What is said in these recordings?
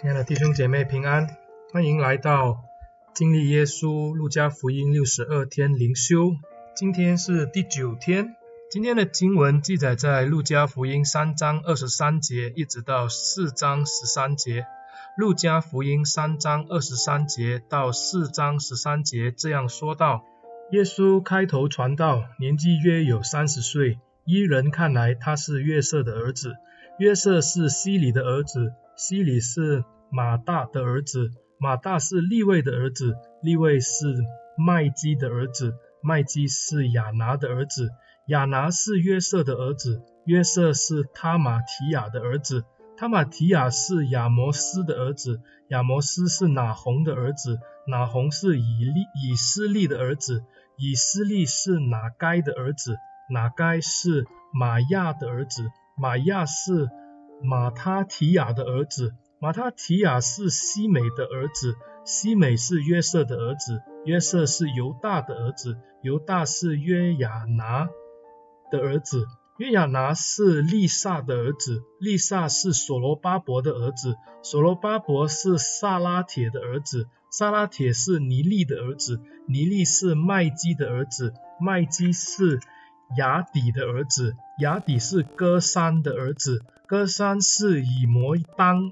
親愛的弟兄姐妹平安，歡迎來到經歷耶穌《路加福音》六十二天靈修，今天是第九天。今天的經文記載在《路加福音》三章二十三節一直到四章十三節。《路加福音》三章二十三節到四章十三節這樣說道：「耶穌開頭傳道，年紀約有三十歲，依人看來他是約瑟的兒子。約瑟是希里的兒子，希里是瑪塔的兒子，瑪塔是利未的兒子，利未是麥基的兒子，麥基是雅拿的兒子，雅拿是約瑟的兒子，約瑟是瑪他提亞的兒子，瑪他提亞是亞摩斯的兒子，亞摩斯是拿鴻的兒子，拿鴻是以利以斯利的兒子，以斯利是拿該的兒子，拿該是瑪押的兒子。瑪押是馬他提亞的兒子，馬他提亞是西美的兒子，西美是約瑟的兒子，約瑟是猶大的兒子，猶大是約亞拿的兒子，約亞拿是利撒的兒子，利撒是所羅巴伯的兒子，所羅巴伯是撒拉鐵的兒子，撒拉鐵是尼利的兒子，尼利是麥基的兒子，麥基是亞底的兒子，亞底是哥桑的兒子，哥桑是以摩當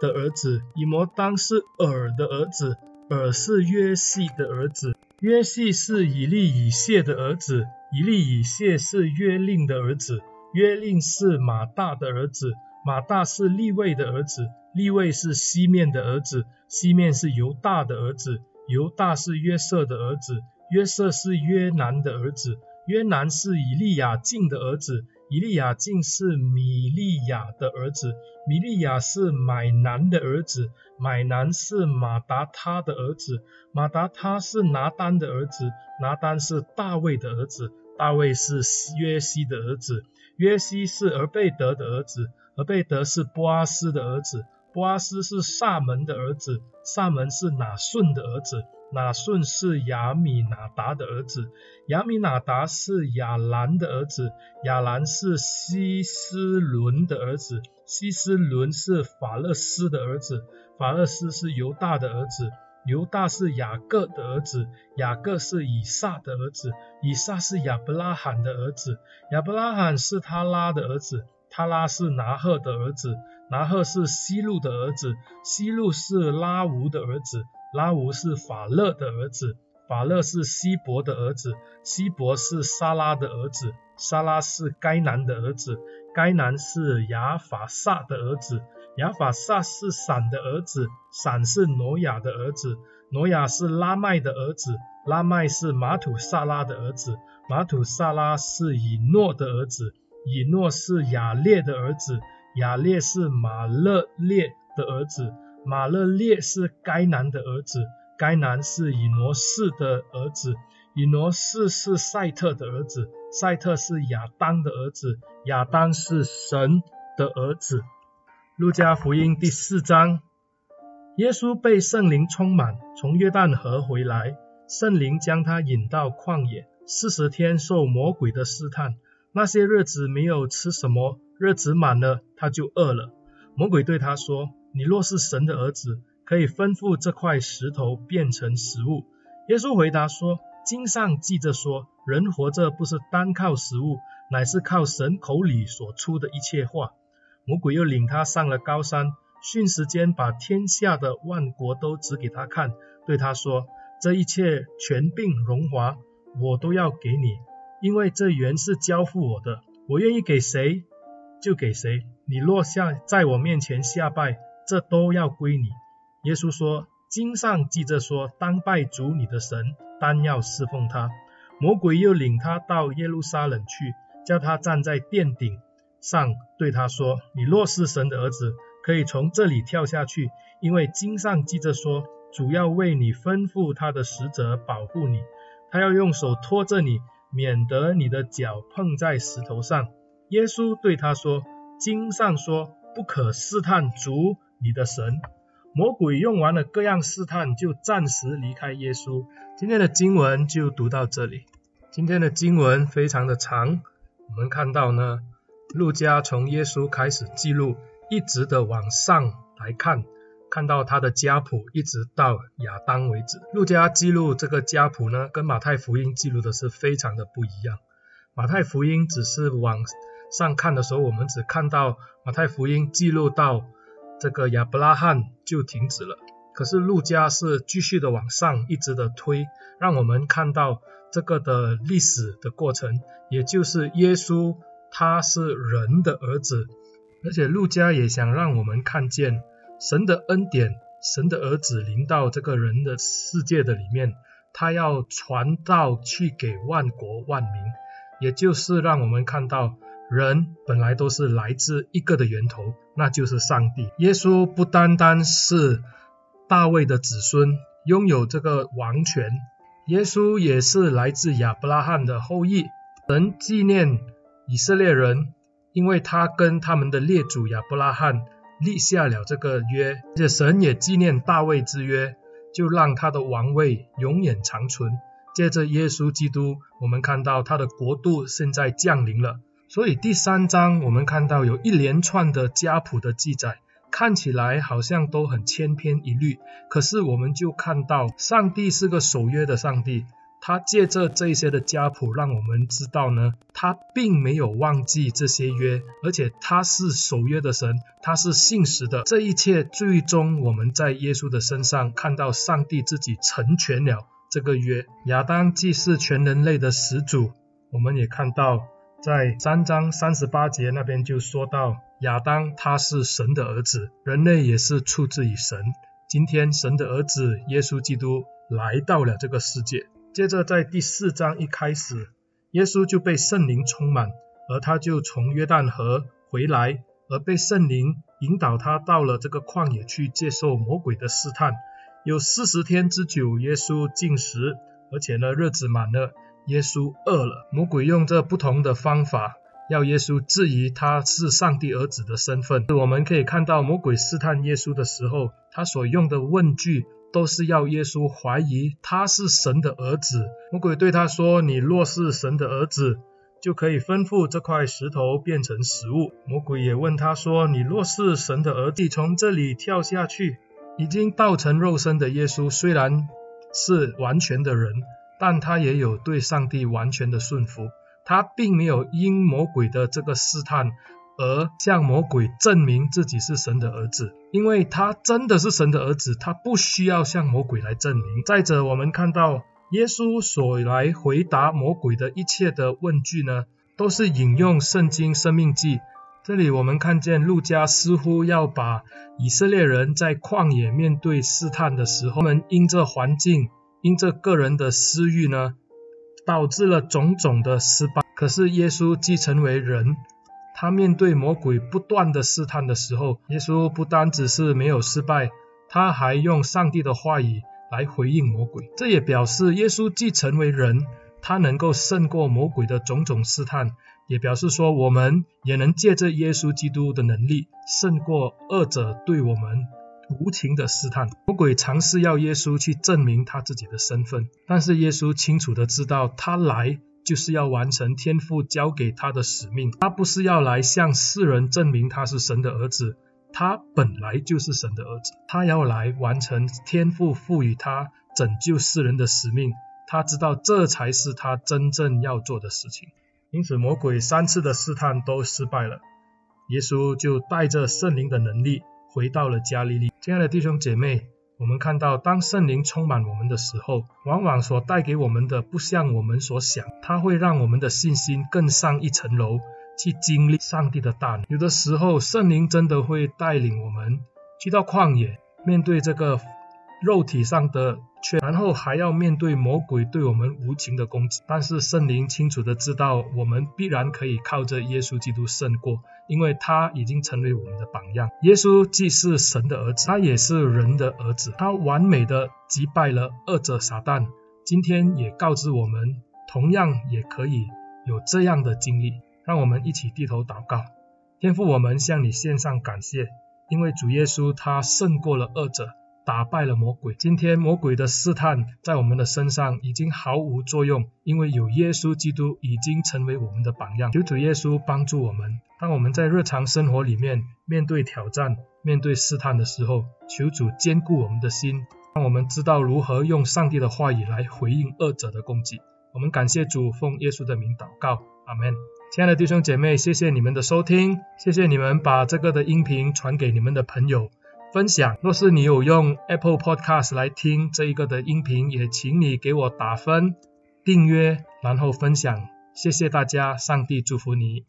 的兒子，以摩當是珥的兒子，珥是約細的兒子，約細是以利以謝的兒子，以利以謝是約令的兒子，約令是瑪塔的兒子，瑪塔是利未的兒子，利未是西緬的兒子，西緬是猶大的兒子，猶大是約瑟的兒子，約瑟是約南的兒子。約南是以利亞敬的兒子，以利亞敬是米利亞的兒子，米利亞是買南的兒子，買南是馬達他的兒子，馬達他是拿單的兒子，拿單是大衛的兒子，大衛是約西的兒子，約西是俄備得的兒子，俄備得是波阿斯的兒子。波阿斯是撒門的兒子，撒門是拿順的兒子，拿順是亞米拿達的兒子，亞米拿達是亞蘭的兒子，亞蘭是希斯崙的兒子，希斯崙是法勒斯的兒子，法勒斯是猶大的兒子，猶大是雅各的兒子，雅各是以撒的兒子，以撒是亞伯拉罕的兒子，亞伯拉罕是他拉的兒子，他拉是拿鶴的兒子。拿赫是西路的兒子，西路是拉吾的兒子，拉吾是法勒的兒子，法勒是希伯的兒子，希伯是沙拉的兒子，沙拉是該男的兒子，該男是亞法薩的兒子，亞法薩是閃的兒子，閃是挪亞的兒子，挪亞是拉麥的兒子，拉麥是馬土薩拉的兒子，馬土薩拉是以諾的兒子，以諾是雅列的兒子。雅列是馬勒列的兒子，馬勒列是該南的兒子，該南是以挪士的兒子，以挪士是塞特的兒子，塞特是亞當的兒子，亞當是神的兒子。路加福音第四章，耶穌被聖靈充滿，從約旦河回來，聖靈將他引到曠野，四十天受魔鬼的試探，那些日子沒有吃什麼。日子滿了，他就餓了。魔鬼對他說：“你若是神的兒子，可以吩咐這塊石頭變成食物。”耶穌回答說：“經上記着說，人活着不是單靠食物，乃是靠神口裡所出的一切話。”魔鬼又領他上了高山，瞬時間把天下的萬國都指給他看，對他說：“這一切權柄榮華，我都要給你，因為這原是交付我的。我願意給誰，”就給誰，你若在我面前下拜，這都要歸你。耶穌說，經上記着說，當拜主你的神，單要侍奉他。魔鬼又領他到耶路撒冷去，叫他站在殿頂上，對他說，你若是神的兒子，可以從這裡跳下去，因為經上記着說，主要為你吩咐他的使者保護你，他要用手托着你，免得你的腳碰在石頭上。耶穌對他說：“經上說，不可試探主你的神。”魔鬼用完了各樣試探，就暫時離開耶穌。今天的經文就讀到這裡。今天的經文非常的長，我們看到呢，路加從耶穌開始記錄，一直的往上來看，看到他的家譜，一直到亞當為止。路加記錄這個家譜呢，跟馬太福音記錄的是非常的不一樣。馬太福音只是往上看的時候，我們只看到馬太福音記錄到這個亞伯拉罕就停止了。可是路加是繼續的往上一直的推，讓我們看到這個的歷史的過程，也就是耶穌他是人的兒子。而且路加也想讓我們看見神的恩典，神的兒子臨到這個人的世界的裡面，他要傳道去給萬國萬民，也就是讓我們看到。人本來都是來自一個的源頭，那就是上帝。耶穌不單單是大衛的子孫，擁有這個王權。耶穌也是來自亞伯拉罕的後裔。神紀念以色列人，因為他跟他們的列祖亞伯拉罕立下了這個約，而且神也紀念大衛之約，就讓他的王位永遠長存。借着耶穌基督，我們看到他的國度現在降臨了。所以第三章我們看到有一連串的家譜的記載，看起來好像都很千篇一律。可是我們就看到上帝是個守約的上帝，他借着這些的家譜讓我們知道呢，他並沒有忘記這些約，而且他是守約的神，他是信實的。這一切最終我們在耶穌的身上看到上帝自己成全了這個約。亞當既是全人類的始祖，我們也看到。在三章三十八節那邊就說到亞當他是神的兒子，人類也是出自於神。今天神的兒子耶穌基督來到了這個世界。接着在第四章一開始，耶穌就被聖靈充滿，而他就從約旦河回來，而被聖靈引導他到了這個曠野去接受魔鬼的試探。有四十天之久，耶穌禁食，而且呢，日子滿了。耶穌餓了，魔鬼用着不同的方法，要耶穌質疑他是上帝兒子的身份。我們可以看到，魔鬼試探耶穌的時候，他所用的問句都是要耶穌懷疑他是神的兒子。魔鬼對他說：“你若是神的兒子，就可以吩咐這塊石頭變成食物。”魔鬼也問他說：“你若是神的兒子，從這裡跳下去。”已經道成肉身的耶穌雖然是完全的人。但他也有對上帝完全的順服，他並沒有因魔鬼的這個試探而向魔鬼證明自己是神的兒子，因為他真的是神的兒子，他不需要向魔鬼來證明。再者，我們看到耶穌所來回答魔鬼的一切的問句呢，都是引用聖經申命記。這裡我們看見路加似乎要把以色列人在曠野面對試探的時候，他們因這環境。因這個人的私欲呢，導致了種種的失敗。可是耶穌既成為人，他面對魔鬼不斷的試探的時候，耶穌不單只是沒有失敗，他還用上帝的話語來回應魔鬼。這也表示耶穌既成為人，他能夠勝過魔鬼的種種試探，也表示說我們也能借着耶穌基督的能力勝過惡者對我們。無情的試探，魔鬼嘗試要耶穌去證明他自己的身份，但是耶穌清楚的知道，他來就是要完成天父交給他的使命，他不是要來向世人證明他是神的兒子，他本來就是神的兒子，他要來完成天父賦、賦予他拯救世人的使命，他知道這才是他真正要做的事情。因此，魔鬼三次的試探都失敗了，耶穌就帶着聖靈的能力回到了加利利。親愛的弟兄姐妹，我們看到，當聖靈充滿我們的時候，往往所帶給我們的不像我們所想，它會讓我們的信心更上一層樓，去經歷上帝的大能。有的時候，聖靈真的會帶領我們去到曠野，面對這個肉體上的。然後還要面對魔鬼對我們無情的攻擊。但是聖靈清楚的知道，我們必然可以靠着耶穌基督勝過，因為他已經成為我們的榜樣。耶穌既是神的兒子，他也是人的兒子，他完美的擊敗了惡者撒旦。今天也告知我們，同樣也可以有這樣的經歷。讓我們一起低頭禱告，天父，我們向你獻上感謝，因為主耶穌他勝過了惡者。打敗了魔鬼。今天魔鬼的試探在我們的身上已經毫無作用，因為有耶穌基督已經成為我們的榜樣。求主耶穌幫助我們，當我們在日常生活裡面面對挑戰、面對試探的時候，求主堅固我們的心，讓我們知道如何用上帝的話語來回應惡者的攻擊。我們感謝主，奉耶穌的名禱告，阿門。親愛的弟兄姐妹，謝謝你們的收聽，謝謝你們把這個的音頻傳給你們的朋友。分享，若是你有用 Apple Podcast 來聽這一個的音頻，也請你給我打分，訂閱，然後分享，謝謝大家，上帝祝福你。